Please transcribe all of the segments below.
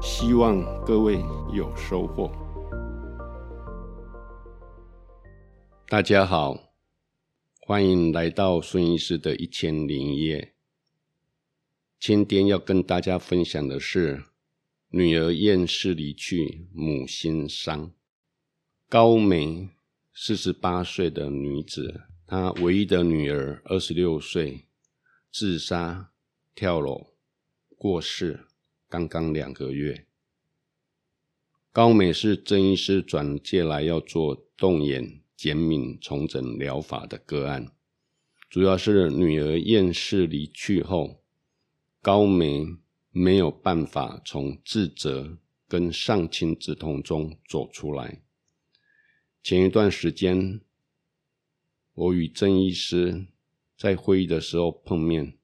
希望各位有收穫。大家好，歡迎來到孫醫師的一千零一夜。今天要跟大家分享的是，女兒厭世離去，母心傷。高玫，四十八歲的女子，她唯一的女兒，二十六歲，自殺跳樓過世。剛剛兩個月，高玫是鄭醫師轉介來要做動眼減敏重整療法的個案，主要是女兒厭世離去後，高玫沒有辦法從自責跟喪親之痛中走出來。前一段時間，我與鄭醫師在會議的時候碰面，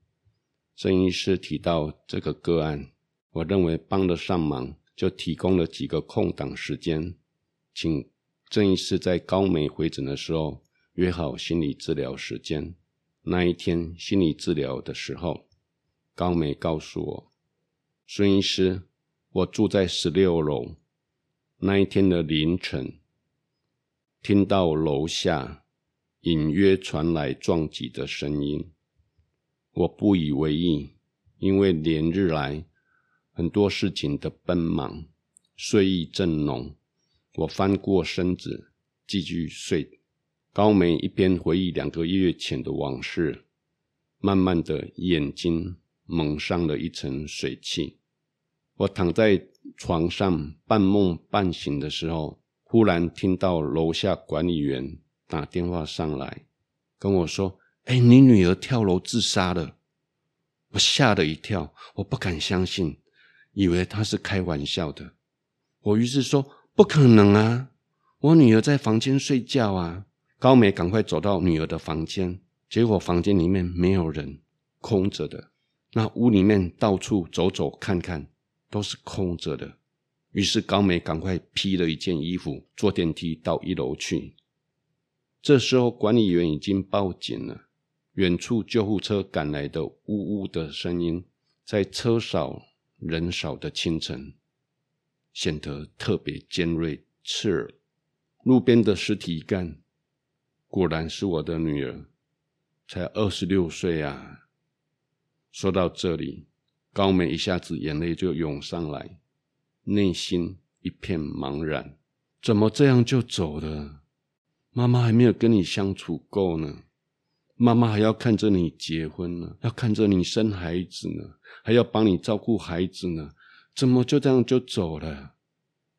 鄭醫師提到這個個案。我認為幫得上忙，就提供了幾個空檔時間，請鄭醫師在高玫回診的時候約好心理治療時間。那一天心理治療的時候，高玫告訴我，孫醫師，我住在十六樓，那一天的凌晨，聽到樓下隱約傳來撞擊的聲音，我不以為意，因為連日來，很多事情的奔忙，睡意正濃，我翻過身子繼續睡。高玫一邊回憶兩個月前的往事，慢慢的眼睛蒙上了一層水汽。我躺在床上半夢半醒的時候，忽然聽到樓下管理員打電話上來跟我說：“哎、欸，你女兒跳樓自殺了！”我嚇了一跳，我不敢相信。以為他是開玩笑的，我於是說：“不可能啊，我女兒在房間睡覺啊。”高玫趕快走到女兒的房間，結果房間裡面沒有人，空着的。那屋裡面到處走走看看，都是空着的。於是高玫趕快披了一件衣服，坐電梯到一樓去。這時候管理員已經報警了，遠處救護車趕來的嗚嗚的聲音，在車少，人少的清晨，顯得特別尖銳刺耳。路邊的屍體干，果然是我的女兒，才二十六歲啊！說到這裡，高玫一下子眼淚就湧上來，內心一片茫然。怎麼這樣就走了？媽媽還沒有跟你相處夠呢。媽媽還要看着你結婚呢，要看着你生孩子呢，還要幫你照顧孩子呢，怎麼就這樣就走了？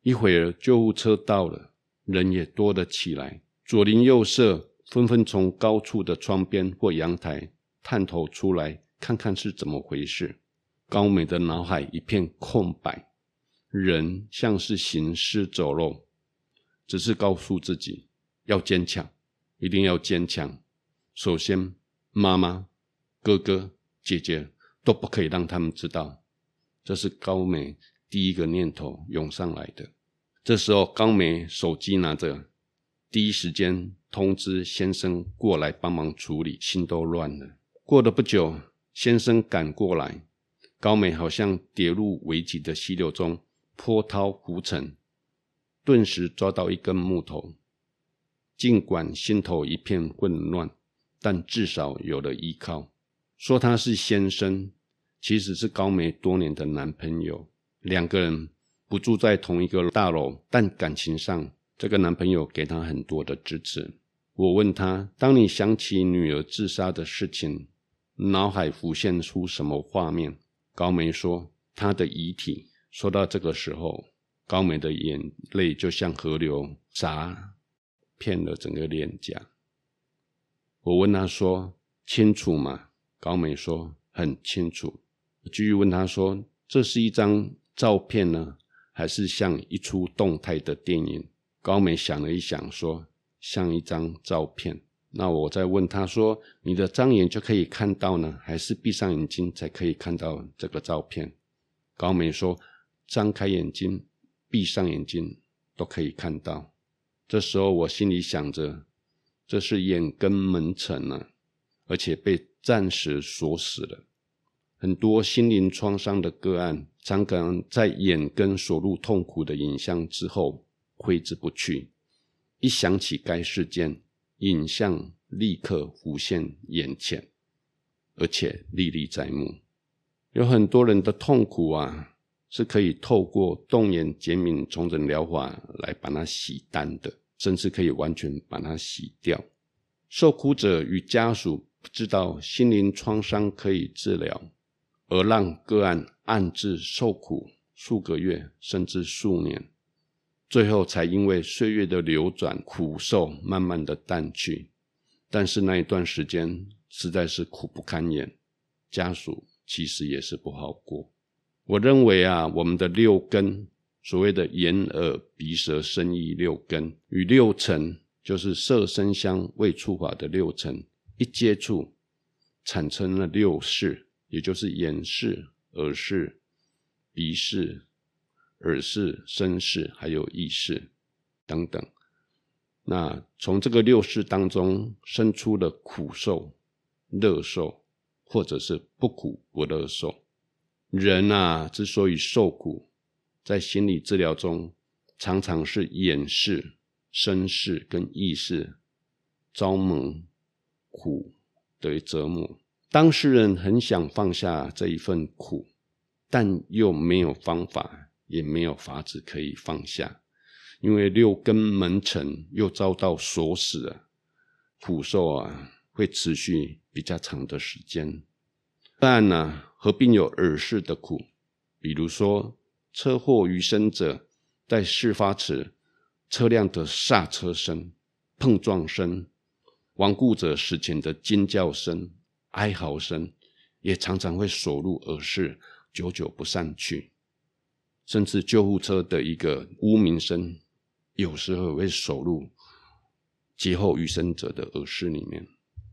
一會兒救護車到了，人也多了起來，左鄰右舍紛紛紛從高處的窗邊或陽台探頭出來，看看是怎麼回事。高玫的腦海一片空白，人像是行屍走肉，只是告訴自己要堅強，一定要堅強。首先，媽媽、哥哥、姐姐都不可以讓他們知道。這是高玫第一個念頭湧上來的。這時候，高玫手機拿着，第一時間通知先生過來幫忙處理，心都亂了。過了不久，先生趕過來，高玫好像跌入危急的溪流中，波濤浮沉，頓時抓到一根木頭，儘管心頭一片混亂。但至少有了依靠。說他是先生，其實是高玫多年的男朋友。兩個人不住在同一個大樓，但感情上，這個男朋友給她很多的支持。我問她：“當你想起女兒自殺的事情，腦海浮現出什麼畫面？”高玫說：“她的遺體。”說到這個時候，高玫的眼淚就像河流砸，砸遍了整個臉頰。我問他說：“清楚嗎？”高玫說：“很清楚。”我繼續問他說：“這是一張照片呢，還是像一出動態的電影？”高玫想了一想，說：“像一張照片。”那我再問他說：“你的張眼就可以看到呢，還是閉上眼睛才可以看到這個照片？”高玫說：“張開眼睛、閉上眼睛都可以看到。”這時候我心裡想着，這是眼根蒙塵啊，而且被暫時鎖死了。很多心靈創傷的個案，常常在眼根鎖入痛苦的影像之後揮之不去。一想起該事件，影像立刻浮現眼前，而且歷歷在目。有很多人的痛苦啊，是可以透過動眼減敏重整療法來把它洗單的。甚至可以完全把它洗掉。受苦者與家屬不知道心靈創傷可以治療，而讓個案暗自受苦數個月甚至數年，最後才因為歲月的流轉，苦受慢慢的淡去。但是那一段時間實在是苦不堪言，家屬其實也是不好過。我認為啊，我們的六根。所謂的眼、耳、鼻、舌、身、意六根與六塵，就是色、聲、香、味、觸、法的六塵，一接觸，產生了六識，也就是眼識、耳識、鼻識、耳識、身識，還有意識等等。那從這個六識當中生出了苦受、樂受，或者是不苦不樂受。人啊，之所以受苦，在心理治療中，常常是眼識、身識跟意識招蒙苦的折磨。當事人很想放下這一份苦，但又沒有方法，也沒有法子可以放下，因為六根門塵又遭到鎖死了，苦受啊會持續比較長的時間。但呢、啊，合併有耳識的苦，比如說。車禍餘生者在事發時，車輛的剎車聲、碰撞聲，亡故者死前的尖叫聲、哀嚎聲，也常常會鎖入耳識，久久不散去。甚至救護車的一個嗚鳴聲，有時候會鎖入劫後餘生者的耳識裡面。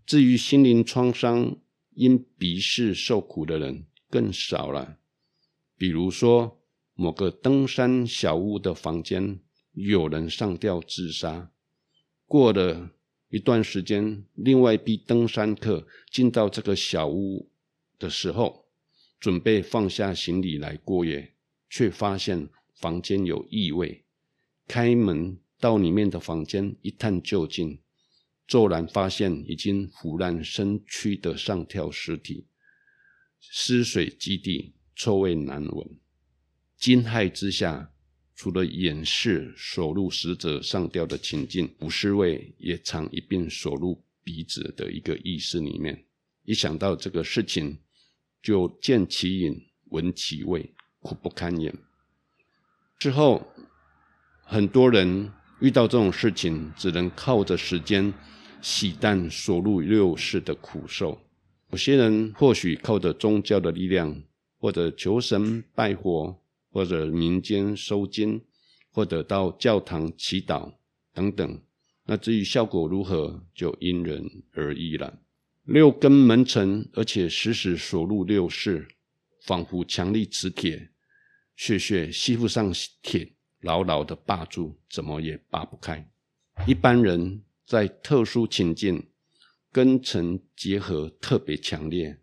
至於心靈創傷、因鼻識受苦的人更少了，比如說。某個登山小屋的房間，有人上吊自殺。過了一段時間，另外一批登山客進到這個小屋的時候，準備放下行李來過夜，却發現房間有異味。開門到裡面的房間一探究竟，驟然發現已經腐爛身軀的上吊屍體，屍水積地，臭味難聞。驚駭之下，除了掩飾所入死者上吊的情境，五是衛也常一併鎖入鼻子的一個意識裡面。一想到這個事情，就見其影，聞其味，苦不堪言。之後，很多人遇到這種事情，只能靠着時間洗淡所入六世的苦受。有些人或許靠着宗教的力量，或者求神拜佛。或者民間收驚，或者到教堂祈禱等等。那至於效果如何，就因人而異了。六根蒙塵，而且時時鎖入六識，仿佛強力磁鐵，血血吸附上鐵，牢牢的霸住，怎麼也拔不開。一般人在特殊情境，根塵結合特別強烈，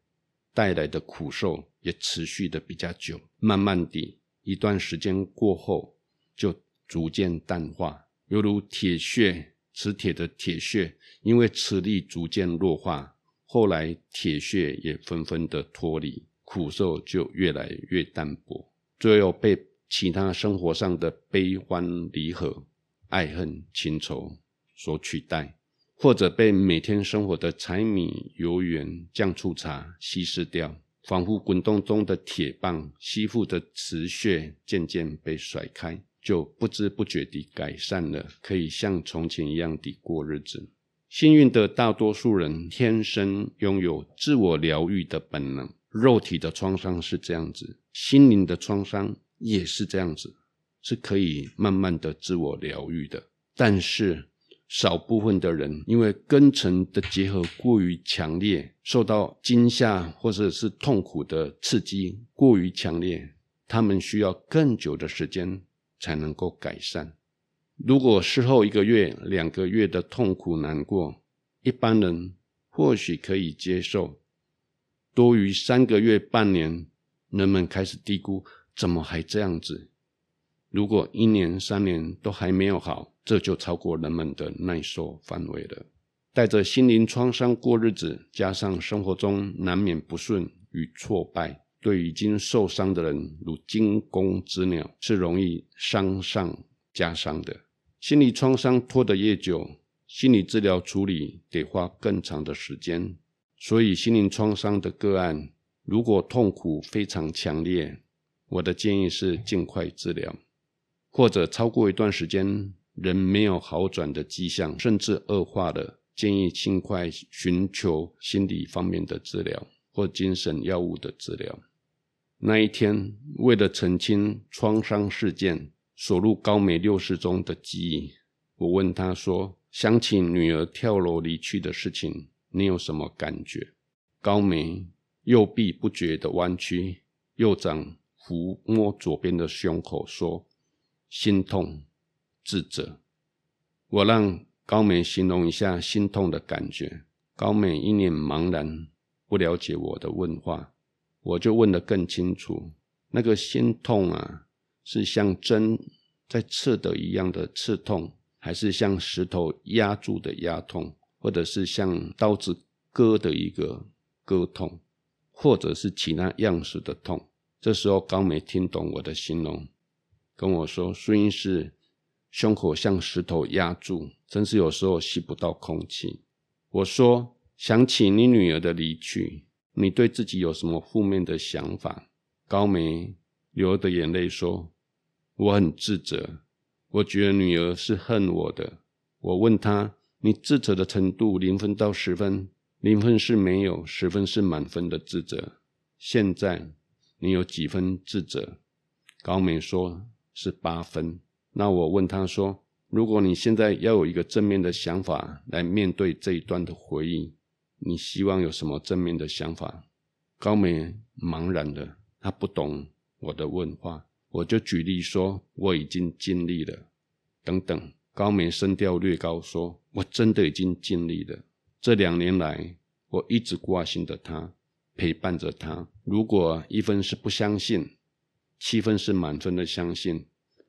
帶來的苦受也持續的比較久，慢慢地。一段時間過後，就逐漸淡化，猶如鐵屑，磁鐵的鐵屑，因為磁力逐漸弱化，後來鐵屑也紛紛的脫離，苦受就越來越淡薄，最後被其他生活上的悲歡離合、愛恨情仇所取代，或者被每天生活的柴米油鹽醬醋茶稀釋掉。仿佛滾動中的鐵棒，吸附的磁血漸漸被甩開，就不知不覺地改善了，可以像從前一樣的過日子。幸運的大多數人天生擁有自我療癒的本能，肉體的創傷是這樣子，心靈的創傷也是這樣子，是可以慢慢的自我療癒的。但是，少部分的人，因為根塵的結合過於強烈，受到驚嚇或者是痛苦的刺激過於強烈，他們需要更久的時間才能夠改善。如果事後一個月、兩個月的痛苦難過，一般人或許可以接受；多於三個月、半年，人們開始低估，怎麼還這樣子？如果一年、三年都還沒有好。這就超過人們的耐受範圍了。帶着心靈創傷過日子，加上生活中難免不順與挫敗，對已經受傷的人如驚弓之鳥，是容易傷上加傷的。心理創傷拖得越久，心理治療處理得花更長的時間。所以，心靈創傷的個案如果痛苦非常強烈，我的建議是盡快治療，或者超過一段時間。人沒有好轉的跡象，甚至惡化了，建議盡快尋求心理方面的治療或精神藥物的治療。那一天，為了澄清創傷事件鎖入高玫六識中的記憶，我問他說：“想起女兒跳樓離去的事情，你有什麼感覺？”高玫右臂不覺的彎曲，右掌撫摸左邊的胸口，說：“心痛。”智者，我讓高玫形容一下心痛的感覺。高玫一臉茫然，不了解我的問話，我就問得更清楚：那個心痛啊，是像針在刺的一樣的刺痛，還是像石頭壓住的壓痛，或者是像刀子割的一個割痛，或者是其他樣式的痛？這時候高玫聽懂我的形容，跟我說：“孫醫師。”胸口像石頭壓住，真是有時候吸不到空氣。我說：“想起你女兒的離去，你對自己有什麼負面的想法？”高玫流着眼淚說：“我很自責，我覺得女兒是恨我的。”我問她：“你自責的程度，零分到十分，零分是沒有，十分是滿分的自責。現在你有幾分自責？”高玫說：“是八分。”那我問他說：“如果你現在要有一個正面的想法來面對這一段的回憶，你希望有什麼正面的想法？”高玫茫然的，他不懂我的問話。我就舉例說：“我已經盡力了。”等等。高玫聲調略高說：“我真的已經盡力了。這兩年來，我一直掛心着他，陪伴着他。如果一分是不相信，七分是滿分的相信。”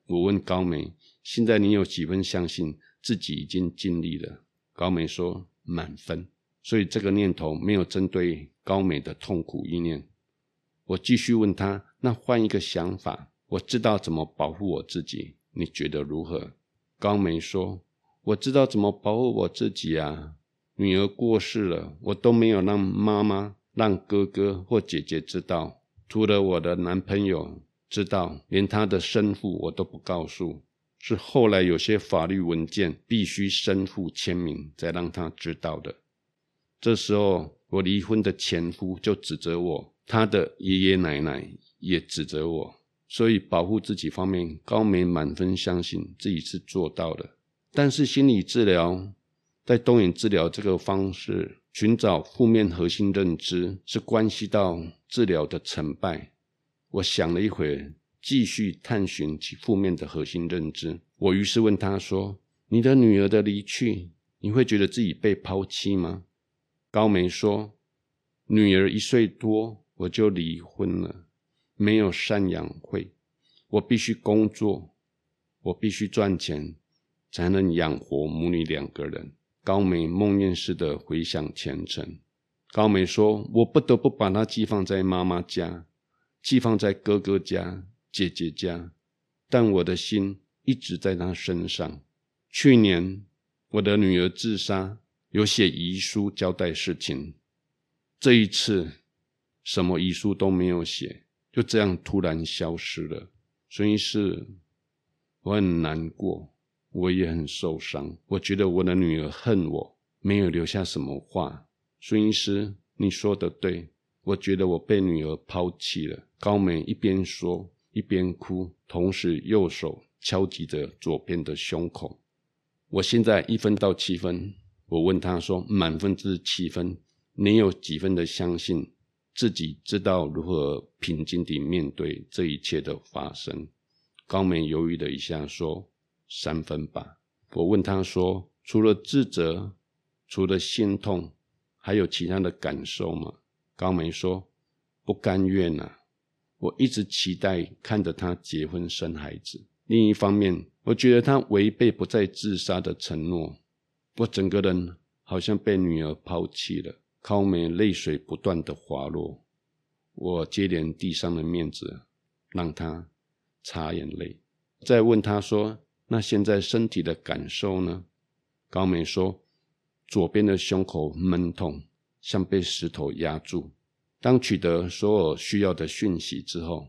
我問高玫：“現在你有幾分相信自己已經盡力了？”高玫說：“滿分。”所以這個念頭沒有針對高玫的痛苦意念。我繼續問她：“那換一個想法，我知道怎麼保護我自己，你覺得如何？”高玫說：“我知道怎麼保護我自己啊！女兒過世了，我都沒有讓媽媽、讓哥哥或姐姐知道，除了我的男朋友。”知道，連他的生父我都不告訴，是後來有些法律文件必須生父簽名，才讓他知道的。這時候，我離婚的前夫就指責我，他的爺爺奶奶也指責我，所以保護自己方面，高玫滿分相信自己是做到的。但是心理治療，在動眼治療這個方式，尋找負面核心認知，是關係到治療的成敗。我想了一會兒，繼續探尋其負面的核心認知。我於是問他說：“你的女兒的離去，你會覺得自己被拋棄嗎？”高玫說：“女兒一歲多，我就離婚了，沒有贍養費，我必須工作，我必須賺錢，才能養活母女兩個人。”高玫夢魘似的回想前塵。高玫說：“我不得不把她寄放在媽媽家。”寄放在哥哥家、姐姐家，但我的心一直在他身上。去年我的女兒自殺，有寫遺書交代事情。這一次什麼遺書都沒有寫，就這樣突然消失了。孫醫師，我很難過，我也很受傷。我覺得我的女兒恨我，沒有留下什麼話。孫醫師，你說得對。我覺得我被女兒拋棄了。高玫一邊說一邊哭，同時右手敲擊着左邊的胸口。我現在一分到七分。我問她說：“滿分之七分，你有幾分的相信自己知道如何平靜地面對這一切的發生？”高玫猶豫了一下，說：“三分吧。”我問她說：“除了自責，除了心痛，還有其他的感受嗎？”高玫說：“不甘願啊，我一直期待看着他結婚生孩子。另一方面，我覺得他違背不再自殺的承諾，我整個人好像被女兒拋棄了。”高玫淚水不斷的滑落，我接連遞上了面紙，讓他擦眼淚，再問他說：“那現在身體的感受呢？”高玫說：“左邊的胸口悶痛。”像被石頭壓住。當取得所有需要的訊息之後，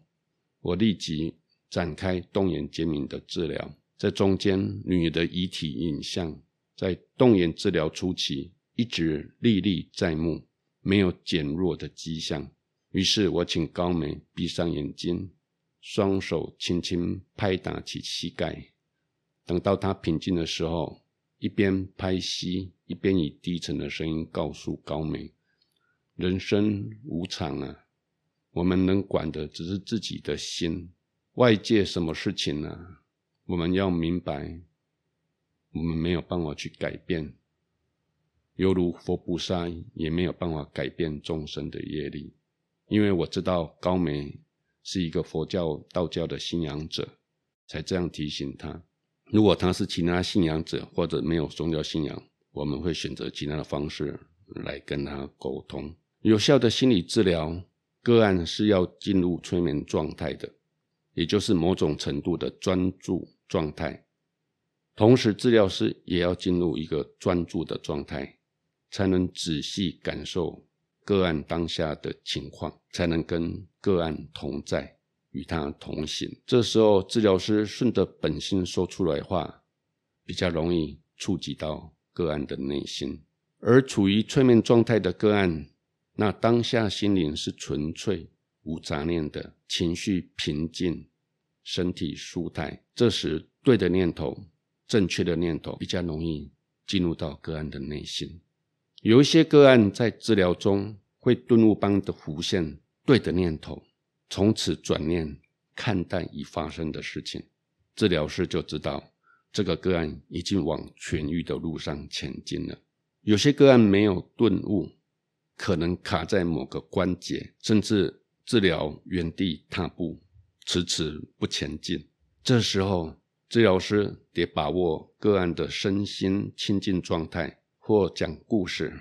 我立即展開動眼減敏的治療。在中間，女的遺體影像在動眼治療初期一直歷歷在目，沒有減弱的跡象。於是我請高玫閉上眼睛，雙手輕輕拍打其膝蓋，等到她平靜的時候。一邊拍戲，一邊以低沉的聲音告訴高玫：“人生無常啊，我們能管的只是自己的心，外界什麼事情呢、啊？我們要明白，我們沒有辦法去改變，猶如佛菩薩也沒有辦法改變眾生的業力。因為我知道高玫是一個佛教、道教的信仰者，才這樣提醒他。”如果他是其他信仰者，或者沒有宗教信仰，我們會選擇其他的方式來跟他溝通。有效的心理治療，個案是要進入催眠狀態的，也就是某種程度的專注狀態。同時，治療師也要進入一個專注的狀態，才能仔細感受個案當下的情況，才能跟個案同在。與他同行。這時候，治療師順着本心說出來話，比較容易觸及到個案的內心。而處於催眠狀態的個案，那當下心靈是純粹、無雜念的，情緒平靜，身體舒坦，這時，對的念頭、正確的念頭比較容易進入到個案的內心。有一些個案在治療中會頓悟般的浮現對的念頭。從此轉念看淡已發生的事情，治療師就知道這個個案已經往痊癒的路上前進了。有些個案沒有頓悟，可能卡在某個關節，甚至治療原地踏步，遲遲不前進。這時候，治療師得把握個案的身心清淨狀態，或講故事，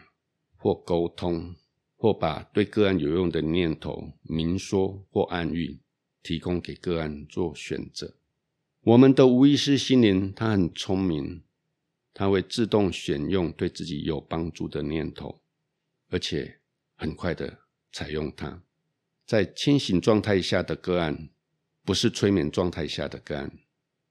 或溝通。或把對個案有用的念頭明說或暗喻，提供給個案做選擇。我們的無意識心靈，它很聰明，它會自動選用對自己有幫助的念頭，而且很快地採用它。在清醒狀態下的個案，不是催眠狀態下的個案，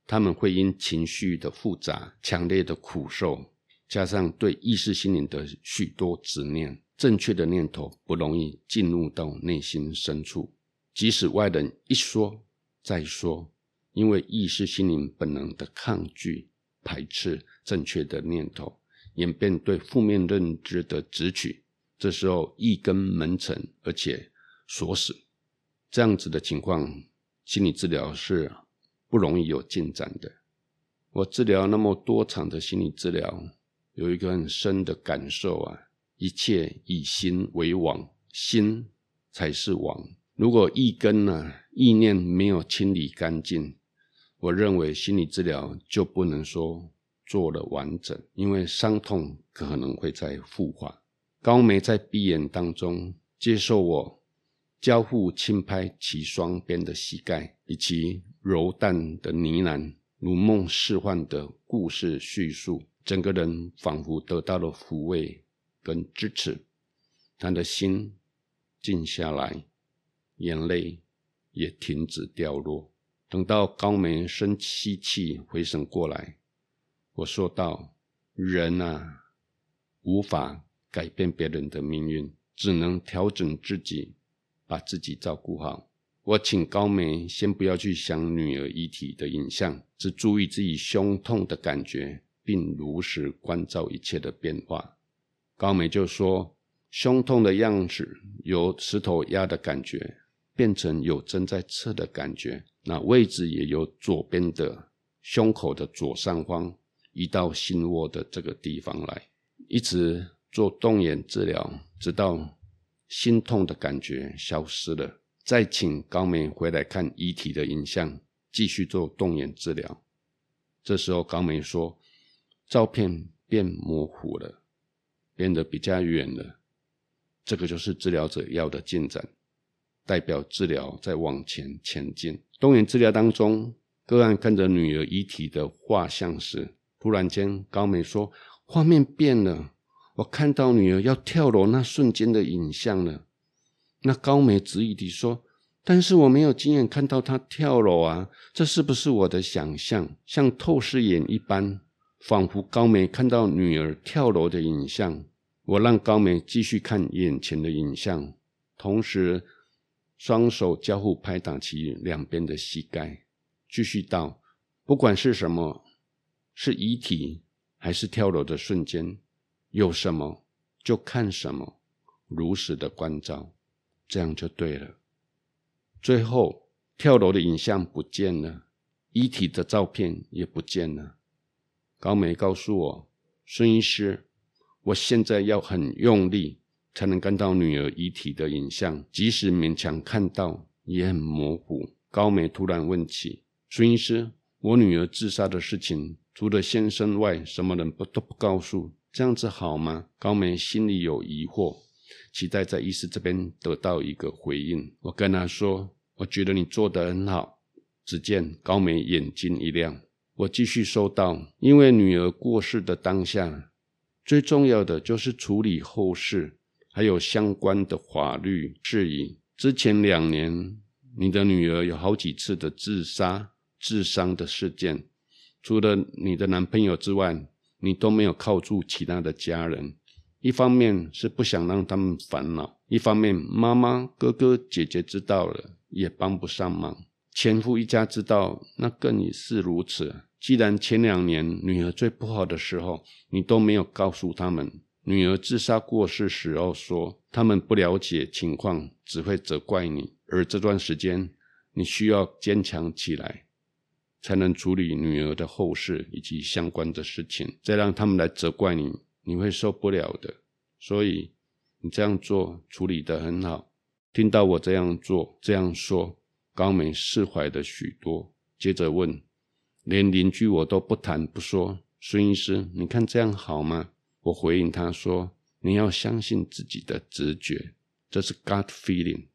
他們會因情緒的複雜、強烈的苦受，加上對意識心靈的許多執念。正確的念頭不容易進入到內心深處，即使外人一說再說，因為意識心靈本能的抗拒排斥正確的念頭，演變對負面認知的執取，這時候意根蒙塵而且鎖死，這樣子的情況，心理治療是不容易有進展的。我治療那麼多場的心理治療，有一個很深的感受啊。一切以心為王，心才是王。如果意根呢、啊，意念沒有清理乾淨，我認為心理治療就不能說做了完整，因為傷痛可能會再復化。高梅在閉眼當中接受我交互輕拍其雙邊的膝蓋，以及柔淡的呢喃，如夢似幻的故事敘述，整個人仿佛得到了撫慰。跟支持，他，的心靜下來，眼淚也停止掉落。等到高玫深吸氣，氣，回神過來，我說道：“人啊，無法改變別人的命運，只能調整自己，把自己照顧好。”我請高玫先不要去想女兒遺體的影像，只注意自己胸痛的感覺，並如實觀照一切的變化。高玫就說：“胸痛的樣子由石頭壓的感覺，變成有針在刺的感覺。那位置也由左邊的胸口的左上方，移到心窩的這個地方來。一直做動眼治療，直到心痛的感覺消失了。再請高玫回來看遺體的影像，繼續做動眼治療。這時候高玫說：‘照片變模糊了。’”變得比較遠了，這個就是治療者要的進展，代表治療在往前前進。動眼治療當中，個案看着女兒遺體的畫像時，突然間高玫說：“畫面變了，我看到女兒要跳樓那瞬間的影像了。”那高玫執意地說：“但是我沒有親眼看到她跳樓啊，這是不是我的想象？像透視眼一般，仿佛高玫看到女兒跳樓的影像。”我讓高玫繼續看眼前的影像，同時雙手交互拍打其兩邊的膝蓋。繼續道：“不管是什麼，是遺體還是跳樓的瞬間，有什麼就看什麼，如實的關照，這樣就對了。”最後，跳樓的影像不見了，遺體的照片也不見了。高玫告訴我：“孫醫師。”我現在要很用力才能看到女兒遺體的影像，即使勉強看到也很模糊。高玫突然問起：“孫醫師，我女兒自殺的事情，除了先生外，什麼人都不都不告訴？這樣子好嗎？”高玫心裡有疑惑，期待在醫師這邊得到一個回應。我跟他說：“我覺得你做得很好。”只見高玫眼睛一亮。我繼續說道：“因為女兒過世的當下。”最重要的就是處理後事，還有相關的法律事宜。之前兩年，你的女兒有好幾次的自殺、自傷的事件，除了你的男朋友之外，你都沒有靠住其他的家人。一方面是不想讓他們煩惱，一方面媽媽、哥哥、姐姐知道了也幫不上忙，前夫一家知道那更是如此。既然前兩年女兒最不好的時候，你都沒有告訴他們，女兒自殺過世時候說他們不了解情況，只會責怪你。而這段時間你需要堅強起來，才能處理女兒的後事以及相關的事情。再讓他們來責怪你，你會受不了的。所以你這樣做處理得很好。聽到我這樣做這樣說，高玫釋懷了許多，接着問。連鄰居我都不談不說，孫醫師，你看這樣好嗎？我回應他說：“你要相信自己的直覺，這是 gut feeling，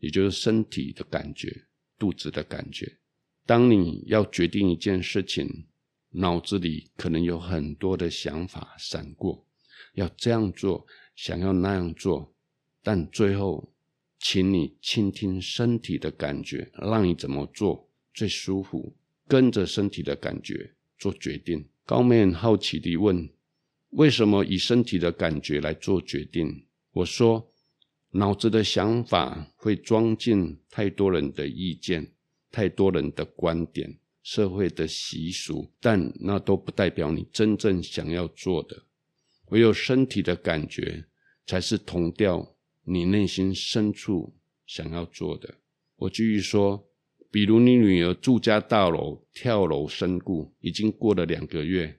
也就是身體的感覺、肚子的感覺。當你要決定一件事情，腦子裡可能有很多的想法閃過，要這樣做，想要那樣做，但最後，請你傾聽身體的感覺，讓你怎麼做最舒服。”跟着身體的感覺做決定。高玫很好奇地問：“為什麼以身體的感覺來做決定？”我說：“腦子的想法會裝進太多人的意見、太多人的觀點、社會的習俗，但那都不代表你真正想要做的。唯有身體的感覺，才是同調你內心深處想要做的。”我繼續說。比如你女兒住家大樓跳樓身故，已經過了兩個月，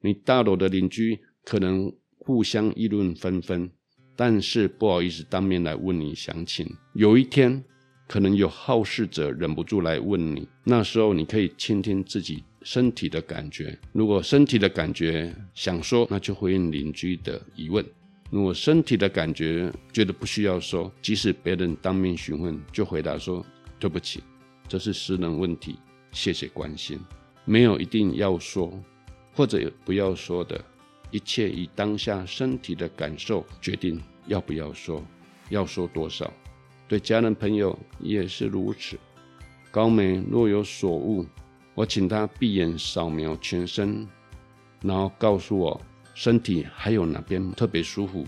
你大樓的鄰居可能互相議論紛紛，但是不好意思當面來問你詳情。有一天，可能有好事者忍不住來問你，那時候你可以傾聽自己身體的感覺。如果身體的感覺想說，那就回應鄰居的疑問；如果身體的感覺覺得不需要說，即使別人當面詢問，就回答說對不起。這是私人問題，謝謝關心。沒有一定要說，或者不要說的一切，以當下身體的感受決定要不要說，要說多少。對家人朋友也是如此。高玫若有所悟，我請她閉眼掃描全身，然後告訴我身體還有哪邊特別舒服，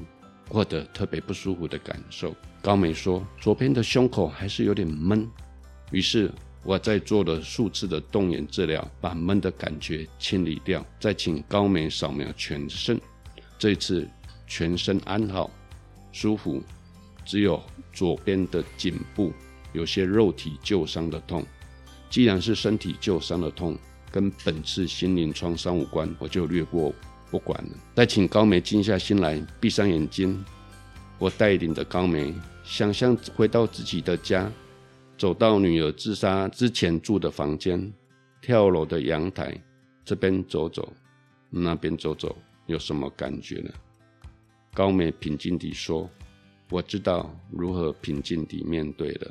或者特別不舒服的感受。高玫說：“左邊的胸口還是有點悶。”於是，我在做了數次的動眼治療，把悶的感覺清理掉，再請高玫掃描全身。這次全身安好，舒服，只有左邊的頸部有些肉體舊傷的痛。既然是身體舊傷的痛，跟本次心靈創傷無關，我就略過不管了。再請高玫靜下心來，閉上眼睛。我帶領着高玫想象回到自己的家。走到女兒自殺之前住的房間，跳樓的陽台這邊走走，那邊走走，有什麼感覺呢？高玫平靜地說：“我知道如何平靜地面對了。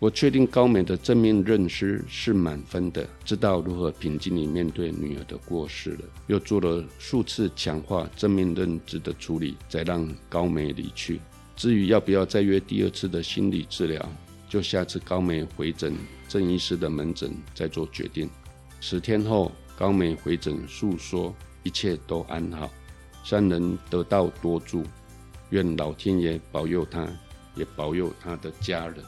我確定高玫的正面認知是滿分的，知道如何平靜地面對女兒的過世了。又做了數次強化正面認知的處理，再讓高玫離去。至於要不要再約第二次的心理治療？”就下次高玫回診鄭醫師的門診再做決定。十天後高玫回診訴說一切都安好，三人得道多助，願老天爺保佑他，也保佑他的家人。